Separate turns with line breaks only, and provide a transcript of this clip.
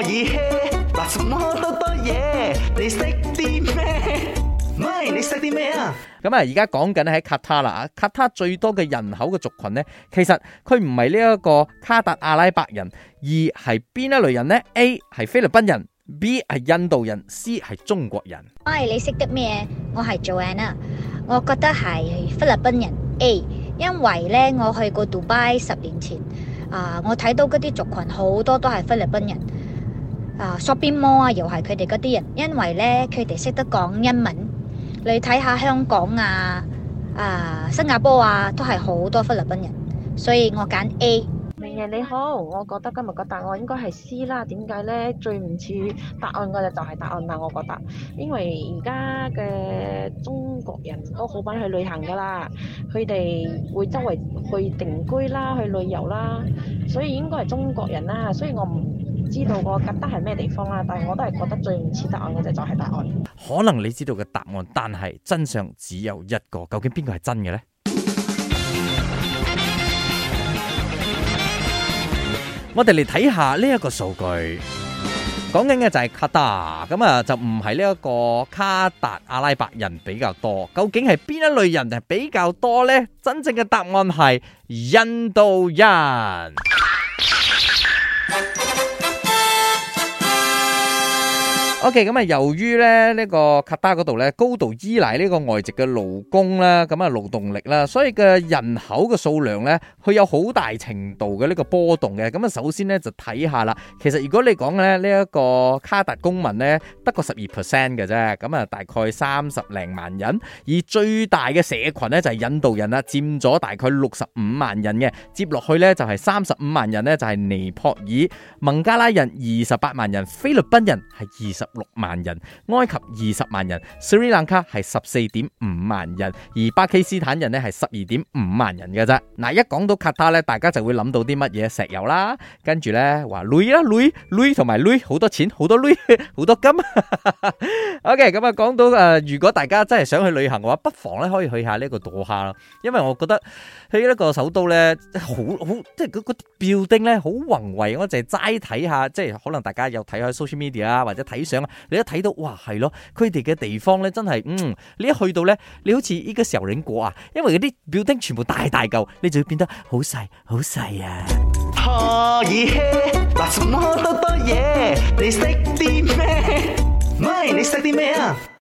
嗱，什麼多嘢，你識啲咩？唔係你識啲咩啊？咁啊，而家講緊喺卡塔啦啊！卡塔最多嘅人口嘅族群呢，其實佢唔係呢一個卡達阿拉伯人，而係邊一類人呢？A 係菲律賓人，B 係印度人，C 係中國人。
喂，你識得咩？我係做 Anna，我覺得係菲律賓人 A，因為呢，我去過杜拜十年前啊，我睇到嗰啲族群好多都係菲律賓人。啊，Shopping Mall 啊，又係佢哋嗰啲人，因為呢佢哋識得講英文。你睇下香港啊，啊新加坡啊，都係好多菲律賓人，所以我揀 A。名人你好，我覺得今日個答案應該係 C
啦，點解呢？最唔似答案嗰隻就係答案啦，我覺得，因為而家嘅中國人都好揾去旅行噶啦，佢哋會周圍去定居啦，去旅遊啦，所以應該係中國人啦，所以我唔。知道我吉德係咩地方啦，但係我都係覺得最唔似答案嘅就係答案。
可能你知道嘅答案，但係真相只有一個，究竟邊個係真嘅呢？ 我哋嚟睇下呢一個數據，講緊嘅就係卡達，咁啊就唔係呢一個卡達阿拉伯人比較多，究竟係邊一類人係比較多呢？真正嘅答案係印度人。OK，咁啊，由於咧呢個卡達嗰度咧高度依賴呢個外籍嘅勞工啦，咁啊勞動力啦，所以嘅人口嘅數量咧，佢有好大程度嘅呢個波動嘅。咁啊，首先咧就睇下啦。其實如果你講咧呢一個卡達公民咧，得個十二 percent 嘅啫，咁啊大概三十零萬人。而最大嘅社群咧就係印度人啦，佔咗大概六十五萬人嘅。接落去咧就係三十五萬人咧就係尼泊爾、孟加拉人二十八萬人、菲律賓人係二十六萬人，埃及二十萬人，斯里蘭卡係十四點五萬人，而巴基斯坦人呢係十二點五萬人嘅啫。嗱，一講到卡塔咧，大家就會諗到啲乜嘢？石油啦，跟住咧話鐳啦，鐳，鐳同埋鐳，好多錢，好多鐳，好多金。OK，咁啊，講到誒，如果大家真係想去旅行嘅話，不妨咧可以去下呢個杜哈啦，因為我覺得去呢個首都咧，好好即係嗰嗰啲 building 咧好宏偉，我淨係齋睇下，即係可能大家有睇下 social media 啦，或者睇相。你一睇到，哇，係咯，佢哋嘅地方咧，真係，嗯，你一去到咧，你好似依家蛇嶺果啊，因為嗰啲表丁全部大大嚿，你就會變得好細，好細啊。可以，嗱，什麼多多嘢，你識啲咩？咪，你識啲咩啊？